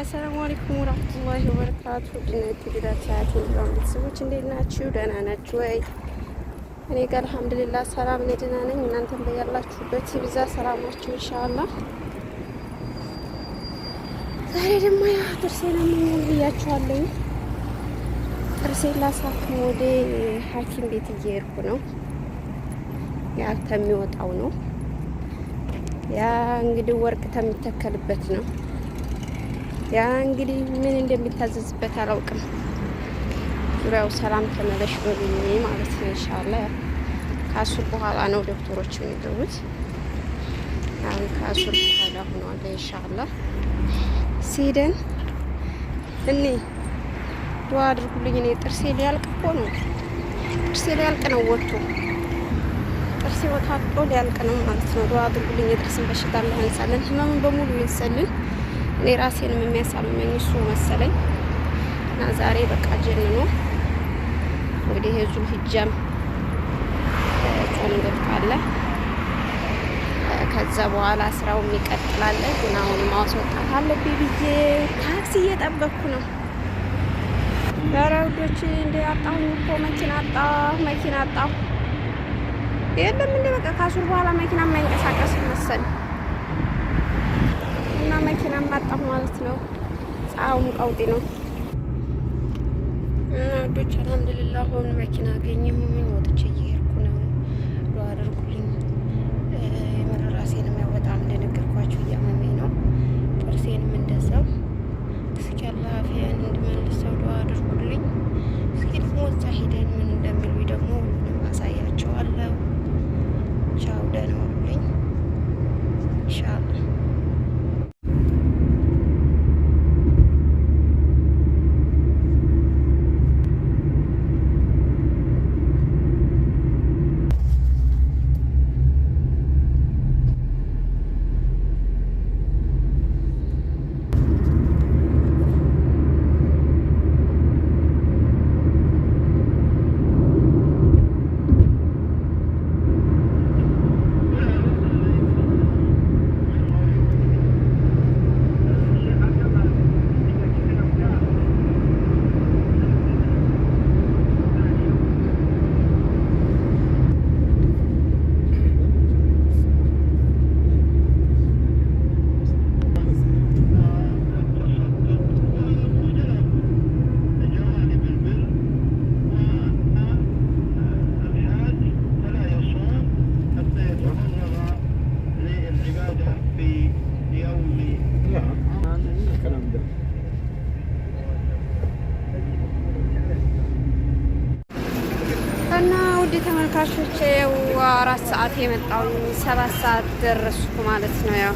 አሰላሙ አለይኩም ወራህመቱላሂ ወበረካቱ። ድነት ይደራቻችሁ ቤተሰቦች እንዴት ናችሁ? ደህና ናችሁ ወይ? እኔ ጋር አልሐምዱሊላህ ሰላም እኔ ደህና ነኝ። እናንተም በያላችሁበት ይብዛ ሰላማችሁ ኢንሻአላህ። ዛሬ ደግሞ ያ ጥርሴን አሞኛል ብያችኋለሁ። ጥርሴን ላሳክም ወደ ሐኪም ቤት እየሄድኩ ነው። ያ ተሚወጣው ነው ያ እንግዲህ ወርቅ ተሚተከልበት ነው ያ እንግዲህ ምን እንደሚታዘዝበት አላውቅም። ዙሪያው ሰላም ተመለሽ በብዬ ማለት ነው። ኢንሻአላ ከአሱር በኋላ ነው ዶክተሮች የሚገቡት። አሁን ከአሱር በኋላ ሆኗል። ኢንሻአላ ሲደን እኔ ዱአ አድርጉልኝ። እኔ ጥርሴ ሊያልቅ እኮ ነው። ጥርሴ ሊያልቅ ነው ወጥቶ ጥርሴ ወታጦ ሊያልቅ ነው ማለት ነው። ዱአ አድርጉልኝ። የጥርስን በሽታ ለህንሳለን ህመምን በሙሉ ይንሰልን። እኔ ራሴንም የሚያሳምመኝ እሱ መሰለኝ እና ዛሬ በቃ ጀንኖ እንግዲህ የዙል ህጃም ጾም ገብቷል። ከዛ በኋላ ስራውም ይቀጥላል። ግን አሁን ማስወጣት አለብኝ ብዬ ታክሲ እየጠበኩ ነው። በረዶች እንደ አጣሁ እኮ መኪና አጣሁ፣ መኪና አጣሁ። የለም እንደ በቃ ካሱር በኋላ መኪና የማይንቀሳቀስ መሰል እና መኪና ማጣሁ ማለት ነው። ፀሐዩም ቀውጢ ነው እና ወዶች አልሐምዱሊላህ ሆን መኪና አገኘሁ። ምን ወጥቼ እየሄድኩ ነው። ዶ አድርጉልኝ። ራሴንም ያው በጣም እንደነገርኳችሁ እያመመኝ ነው። ጥርሴንም እንደዛው። እስኪ አላፊያን እንድመልሰው ዶ አድርጉልኝ። እስኪ ደግሞ እዛ ሄደ አራት ሰዓት የመጣው ሰባት ሰዓት ደረስኩ ማለት ነው። ያው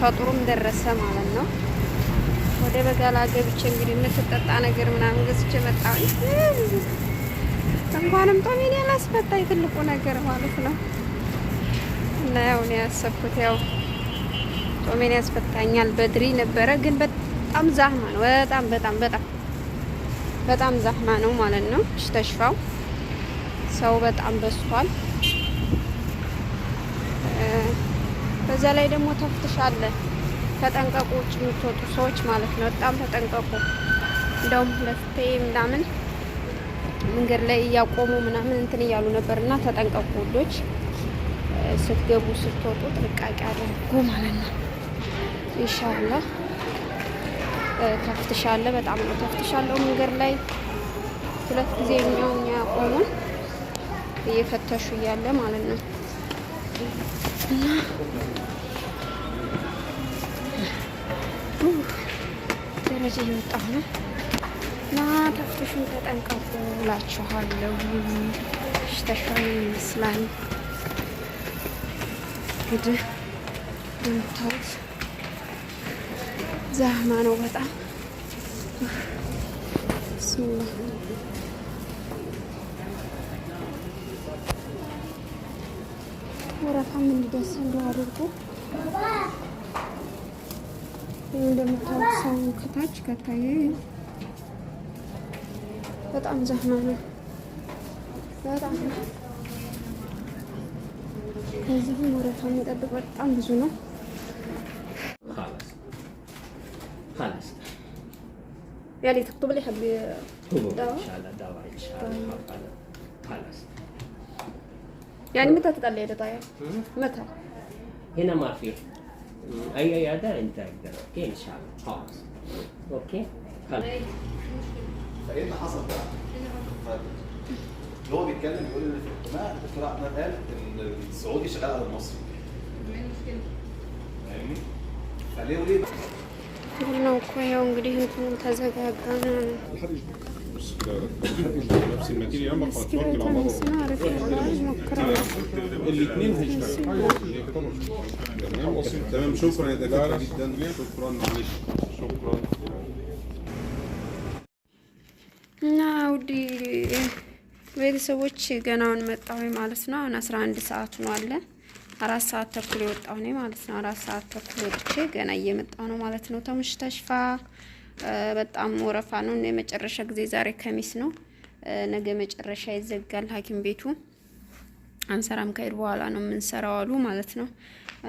ፈጥሩም ደረሰ ማለት ነው። ወደ በጋላ ገብቼ እንግዲህ የምትጠጣ ነገር ምናምን ገዝቼ መጣ። እንኳንም ጦሜን ያላስፈታኝ ትልቁ ነገር ማለት ነው። እና ያው ነው ያሰብኩት። ያው ጦሜን ያስፈታኛል በድሪ ነበረ፣ ግን በጣም ዛህማ ነው። በጣም በጣም በጣም በጣም ዛህማ ነው ማለት ነው። ተሽፋው ሰው በጣም በዝቷል። በዛ ላይ ደግሞ ተፍትሽ አለ። ተጠንቀቁ፣ ውጭ የምትወጡ ሰዎች ማለት ነው። በጣም ተጠንቀቁ። እንደውም ለፍቴ ምናምን መንገድ ላይ እያቆሙ ምናምን እንትን እያሉ ነበር እና ተጠንቀቁ ውዶች፣ ስትገቡ ስትወጡ ጥንቃቄ አድርጉ ማለት ነው። ኢንሻላ ተፍትሻለ፣ በጣም ነው ተፍትሻለው መንገድ ላይ ሁለት ጊዜ እኛው ያቆሙን እየፈተሹ እያለ ማለት ነው እና ደረጃ እየወጣሁ ነው እና ተፍትሹን ተጠንቀቁ እላችኋለሁ። ሽተሻን ይመስላል እንግዲህ እንደምታዩት ዛህማ ነው በጣም ስሙላ ወረፋም እንዲደርስ እንደው አድርጎ እንደምታወቅ ሰው ከታች ከታየ በጣም ዘህማ ነው። በጣም ከዚህም ወረፋ የሚጠብቅ በጣም ብዙ ነው። ያሌ يعني تكتب لي حبي دعوة يعني متى تقلده طيب؟ متى؟ هنا ما في اي عياده انت تقدر اوكي ان شاء الله خلاص اوكي خلاص فايه طيب. طيب، اللي حصل بقى؟ طيب. هو بيتكلم بيقول ان في الاجتماع الدكتور احمد قال ان السعودي شغال على المصري فاهمني؟ فليه وليه بقى؟ ነው እኮ ያው እንግዲህ نفس نفس الماتيريال هم خلطوها على بعض الاثنين هيشتغلوا تمام شكرا يا دكاتره جدا شكرا معلش شكرا እና ቤተሰቦች ገናውን መጣሁ ማለት ነው። አሁን አስራ አንድ ሰዓት ነው አለ አራት ሰዓት ተኩል የወጣሁ እኔ ማለት ነው። አራት ሰዓት ተኩል ወጥቼ ገና እየመጣሁ ነው ማለት ነው። ተሙሽ ተሽፋ በጣም ወረፋ ነው እና የመጨረሻ ጊዜ ዛሬ ከሚስ ነው። ነገ መጨረሻ ይዘጋል ሐኪም ቤቱ አንሰራም ከሄድ በኋላ ነው የምንሰራው አሉ ማለት ነው።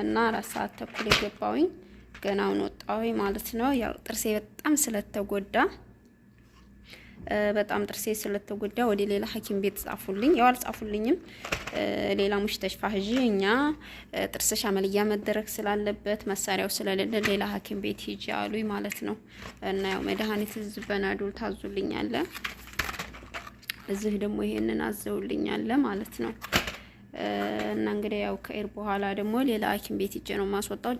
እና አራት ሰዓት ተኩል የገባውኝ ገናውን ወጣሁኝ ማለት ነው። ያው ጥርሴ በጣም ስለተጎዳ በጣም ጥርሴ ስለተጎዳ ወደ ሌላ ሐኪም ቤት ጻፉልኝ። ያው አልጻፉልኝም። ሌላ ተሽፋ ህዢ እኛ ጥርስሽ አመልያ መደረግ ስላለበት መሳሪያው ስለሌለ ሌላ ሐኪም ቤት ሂጂ አሉኝ ማለት ነው። እና ያው መድኃኒት እዚህ ታዙልኝ አለ፣ እዚህ ደግሞ ይሄንን አለ ማለት ነው። እና እንግዲህ ያው ከኤር በኋላ ደግሞ ሌላ ሐኪም ቤት ሂጄ ነው ማስወጣው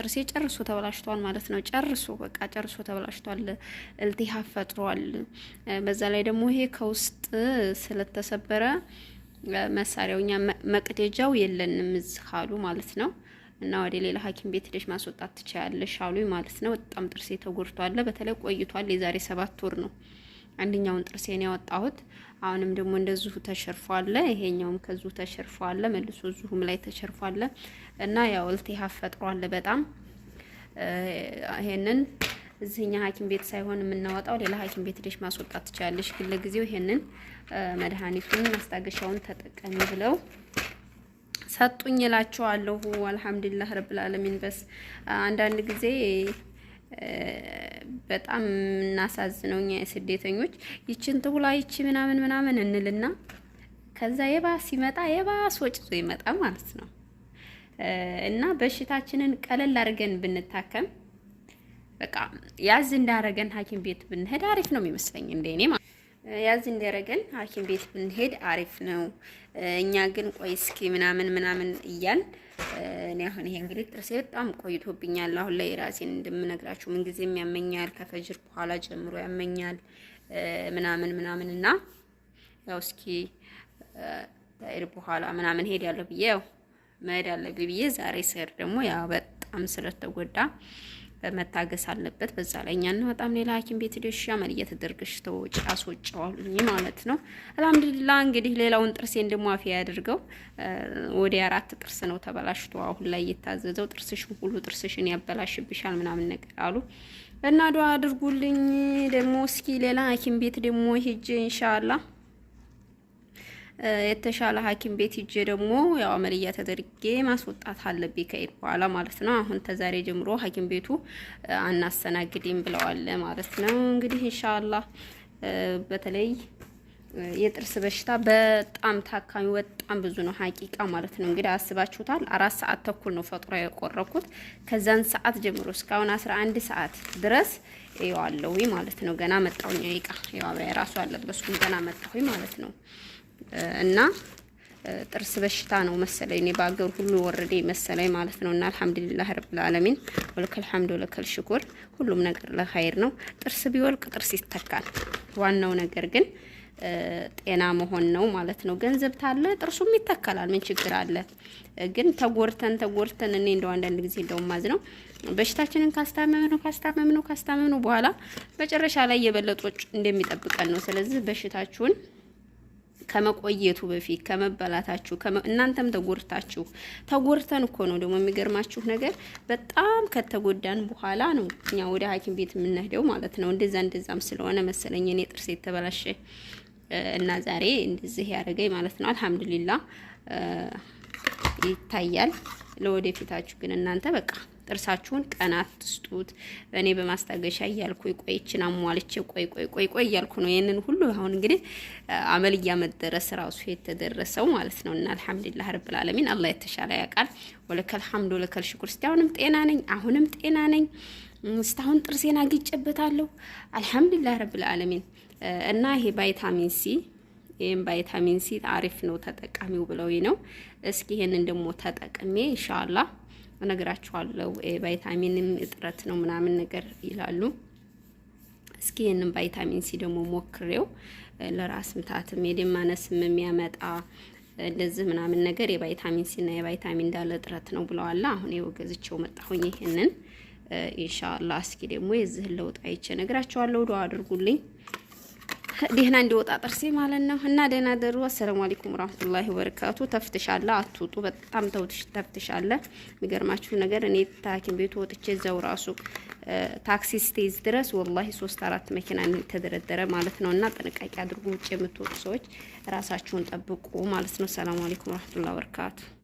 ጥርሴ ጨርሶ ተበላሽቷል ማለት ነው። ጨርሶ በቃ ጨርሶ ተበላሽቷል፣ እልቲሃብ ፈጥሯል። በዛ ላይ ደግሞ ይሄ ከውስጥ ስለተሰበረ መሳሪያው እኛ መቅደጃው የለንም እዚህ ካሉ ማለት ነው። እና ወደ ሌላ ሐኪም ቤት ሄደሽ ማስወጣት ትችያለሽ አሉኝ ማለት ነው። በጣም ጥርሴ ተጎድቷል። በተለይ ቆይቷል። የዛሬ ሰባት ወር ነው አንደኛውን ጥርሴን ያወጣሁት። አሁንም ደግሞ እንደዚሁ ተሸርፏለ፣ ይሄኛውም ከዚሁ ተሸርፏለ፣ መልሶ እዚሁም ላይ ተሸርፏለ እና ያው እልቲሃፍ ፈጥሯል በጣም ይሄንን እዚህኛ ሐኪም ቤት ሳይሆን የምናወጣው ሌላ ሐኪም ቤት ልጅ ማስወጣት ትችላለሽ፣ ግን ለጊዜው ይሄንን መድኃኒቱን ማስታገሻውን ተጠቀሚ ብለው ሰጡኝ እላችኋለሁ። አልሐምዱሊላህ ረብል አለሚን በስ አንዳንድ ጊዜ በጣም የምናሳዝነው እኛ የስደተኞች ይችን ትውላ ይቺ ምናምን ምናምን እንልና ከዛ የባስ ሲመጣ የባስ ወጭ ይመጣ ማለት ነው። እና በሽታችንን ቀለል አድርገን ብንታከም በቃ ያዝ እንዳረገን ሐኪም ቤት ብንሄድ አሪፍ ነው የሚመስለኝ እንደኔ ማለት ያዝ እንዲያደርገን ሐኪም ቤት ብንሄድ አሪፍ ነው። እኛ ግን ቆይ እስኪ ምናምን ምናምን እያል እኔ አሁን ይሄ እንግዲህ ጥርሴ በጣም ቆይቶብኛል። አሁን ላይ ራሴን እንደምነግራችሁ ምንጊዜም ያመኛል፣ ከፈጅር በኋላ ጀምሮ ያመኛል ምናምን ምናምን እና ያው እስኪ ዳይር በኋላ ምናምን ሄድ ያለው ብዬ ያው መሄድ አለብኝ ብዬ ዛሬ ስር ደግሞ ያው በጣም ስለተጎዳ መታገስ አለበት። በዛ ላይ እኛና በጣም ሌላ ሐኪም ቤት ሄደሽ አመል እየተደረግሽ ተወጪ አስወጪዋልኝ ማለት ነው። አልሐምዱሊላ እንግዲህ ሌላውን ጥርሴን ደግሞ አፌ ያድርገው። ወደ አራት ጥርስ ነው ተበላሽቶ አሁን ላይ እየታዘዘው ጥርስሽን ሁሉ ጥርስሽን ያበላሽብሻል ምናምን ነገር አሉ እና ዱአ አድርጉልኝ። ደግሞ እስኪ ሌላ ሐኪም ቤት ደግሞ ሄጄ ኢንሻአላህ የተሻለ ሐኪም ቤት ሂጄ ደግሞ ያው አመልያ ተደርጌ ማስወጣት አለብኝ ከሄድ በኋላ ማለት ነው። አሁን ተዛሬ ጀምሮ ሐኪም ቤቱ አናስተናግድም ብለዋል ማለት ነው። እንግዲህ እንሻላ በተለይ የጥርስ በሽታ በጣም ታካሚ በጣም ብዙ ነው ሀቂቃ ማለት ነው። እንግዲህ አስባችሁታል። አራት ሰዓት ተኩል ነው ፈጥሮ የቆረኩት ከዛን ሰዓት ጀምሮ እስካሁን አስራ አንድ ሰዓት ድረስ ይዋለሁ ማለት ነው። ገና መጣሁኝ ቃ የራሱ አለበስኩም ገና መጣሁኝ ማለት ነው። እና ጥርስ በሽታ ነው መሰለኝ። እኔ በአገር ሁሉ ወረደ መሰለኝ ማለት ነው። እና አልሐምዱሊላህ ረብል ዓለሚን ወልከል ሐምድ ወለከል ሽኩር፣ ሁሉም ነገር ለኸይር ነው። ጥርስ ቢወልቅ ጥርስ ይተካል። ዋናው ነገር ግን ጤና መሆን ነው ማለት ነው። ገንዘብ ታለ ጥርሱም ይተካላል። ምን ችግር አለ? ግን ተጎርተን ተጎርተን እኔ እንደው አንዳንድ ጊዜ እንደው ማዝ ነው በሽታችንን ካስታመምነው ካስታመምኑ ካስታመምኑ በኋላ መጨረሻ ላይ የበለጦች እንደሚጠብቀን ነው። ስለዚህ በሽታችሁን ከመቆየቱ በፊት ከመበላታችሁ እናንተም ተጎርታችሁ ተጎርተን እኮ ነው ደግሞ የሚገርማችሁ ነገር በጣም ከተጎዳን በኋላ ነው እኛ ወደ ሐኪም ቤት የምንሄደው ማለት ነው። እንደዛ እንደዛም ስለሆነ መሰለኝ እኔ ጥርስ የተበላሸ እና ዛሬ እንደዚህ ያደረገኝ ማለት ነው። አልሐምዱሊላ ይታያል። ለወደፊታችሁ ግን እናንተ በቃ ጥርሳችሁን ቀናት ትስጡት። እኔ በማስታገሻ እያልኩ ቆይችን አሟልቼ ቆይ ቆይ ቆይ ቆይ እያልኩ ነው ይህንን ሁሉ አሁን እንግዲህ አመል እያመደረስ ራሱ የተደረሰው ማለት ነው። እና አልሐምዱሊላህ ረብል ዓለሚን አላህ የተሻለ ያውቃል። ወለከል ሐምዱ ወለከል ሽኩር። እስቲ አሁንም ጤና ነኝ፣ አሁንም ጤና ነኝ። እስካሁን ጥርሴን አግጬበታለሁ። አልሐምዱሊላህ ረብል ዓለሚን እና ይሄ ቫይታሚን ሲ ይህም ቫይታሚን ሲ አሪፍ ነው፣ ተጠቃሚው ብለዊ ነው። እስኪ ይሄንን ደግሞ ተጠቅሜ ኢንሻአላህ እነግራችኋለሁ። ቫይታሚንም እጥረት ነው ምናምን ነገር ይላሉ። እስኪ ይህንን ቫይታሚን ሲ ደግሞ ሞክሬው ለራስ ምታትም የደም ማነስም የሚያመጣ እንደዚህ ምናምን ነገር የቫይታሚን ሲና የቫይታሚን እንዳለ እጥረት ነው ብለዋላ። አሁን ይኸው ገዝቼው መጣሁኝ ይህንን ኢንሻአላህ። እስኪ ደግሞ የዚህን ለውጥ አይቼ እነግራችኋለሁ። ዱአ አድርጉልኝ። ደህና እንዲወጣ ጥርሴ ማለት ነው። እና ደህና ደሩ። አሰላሙ አለይኩም ወራህመቱላሂ ወበረካቱ። ተፍትሻለ አትውጡ። በጣም ተውትሽ ተፍትሻለ። የሚገርማችሁ ነገር እኔ ታኪም ቤቱ ወጥቼ እዛው ራሱ ታክሲ ስቴዝ ድረስ ወላሂ ሶስት አራት መኪና ተደረደረ ማለት ነው። እና ጥንቃቄ አድርጉ። ውጭ የምትወጡ ሰዎች ራሳችሁን ጠብቁ ማለት ነው። ሰላም አለይኩም ወራህመቱላሂ ወበረካቱ።